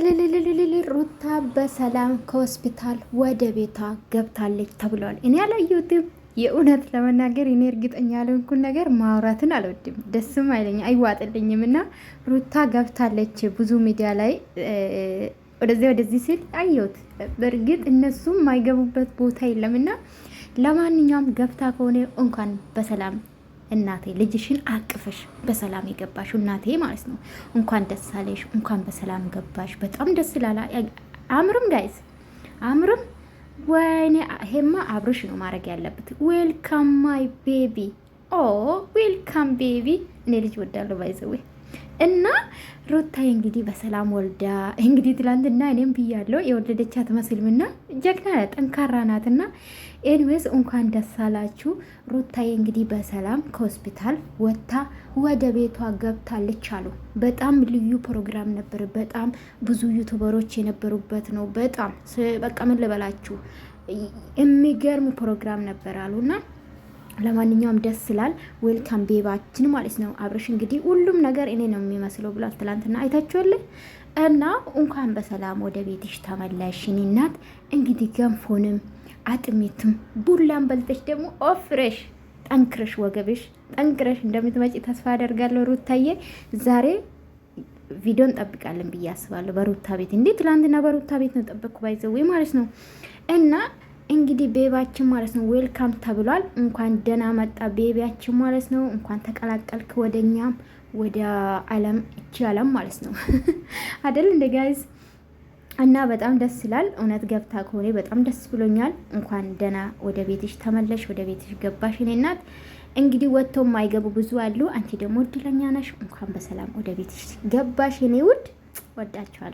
እልልልልልል ሩታ በሰላም ከሆስፒታል ወደ ቤቷ ገብታለች ተብሏል። እኔ አላየሁትም። የእውነት ለመናገር እኔ እርግጠኛ ያልሆንኩን ነገር ማውራትን አልወድም፣ ደስም አይለኝ አይዋጥልኝም። እና ሩታ ገብታለች ብዙ ሚዲያ ላይ ወደዚያ ወደዚህ ሲል አየሁት። በእርግጥ እነሱም ማይገቡበት ቦታ የለምና፣ ለማንኛውም ገብታ ከሆነ እንኳን በሰላም እናቴ ልጅሽን አቅፈሽ በሰላም የገባሽ እናቴ ማለት ነው። እንኳን ደስ አለሽ፣ እንኳን በሰላም ገባሽ። በጣም ደስ ላላ አምርም ጋይዝ አምርም። ወይኔ ይሄማ አብርሽ ነው ማድረግ ያለበት። ዌልካም ማይ ቤቢ ኦ ዌልካም ቤቢ። እኔ ልጅ ወዳለሁ ባይዘዌ እና ሩታዬ እንግዲህ በሰላም ወልዳ እንግዲህ ትላንትና እኔም ብያለሁ የወለደች አትመስልምና ጀግና ጠንካራ ናት። ናትና፣ ኤንዌስ እንኳን ደስ አላችሁ። ሩታዬ እንግዲህ በሰላም ከሆስፒታል ወጥታ ወደ ቤቷ ገብታለች አሉ። በጣም ልዩ ፕሮግራም ነበር። በጣም ብዙ ዩቱበሮች የነበሩበት ነው። በጣም በቃ ምን ልበላችሁ የሚገርም ፕሮግራም ነበር አሉና ለማንኛውም ደስ ስላል ዌልካም ቤባችን ማለት ነው። አብረሽ እንግዲህ ሁሉም ነገር እኔ ነው የሚመስለው ብሏል። ትላንትና አይታችኋለን እና እንኳን በሰላም ወደ ቤትሽ ተመላሽ የኔ እናት። እንግዲህ ገንፎንም አጥሚትም ቡላን በልተሽ ደግሞ ኦፍሬሽ ጠንክረሽ ወገብሽ ጠንክረሽ እንደምትመጪ ተስፋ አደርጋለሁ። ሩታዬ ዛሬ ቪዲዮ እንጠብቃለን ብዬ አስባለሁ። በሩታ ቤት እንዴ! ትላንትና በሩታ ቤት ነው ጠበቅኩ ባይዘዌ ማለት ነው እና እንግዲህ ቤባችን ማለት ነው ዌልካም ተብሏል። እንኳን ደህና መጣ ቤቢያችን ማለት ነው። እንኳን ተቀላቀልክ ወደ እኛም ወደ አለም እቺ አለም ማለት ነው አደል እንደ ጋይዝ እና በጣም ደስ ይላል። እውነት ገብታ ከሆነ በጣም ደስ ብሎኛል። እንኳን ደህና ወደ ቤትሽ ተመለሽ፣ ወደ ቤትሽ ገባሽ። እኔ እናት እንግዲህ ወጥቶ የማይገቡ ብዙ አሉ። አንቺ ደግሞ እድለኛ ነሽ። እንኳን በሰላም ወደ ቤትሽ ገባሽ። እኔ ውድ ወዳቸዋል።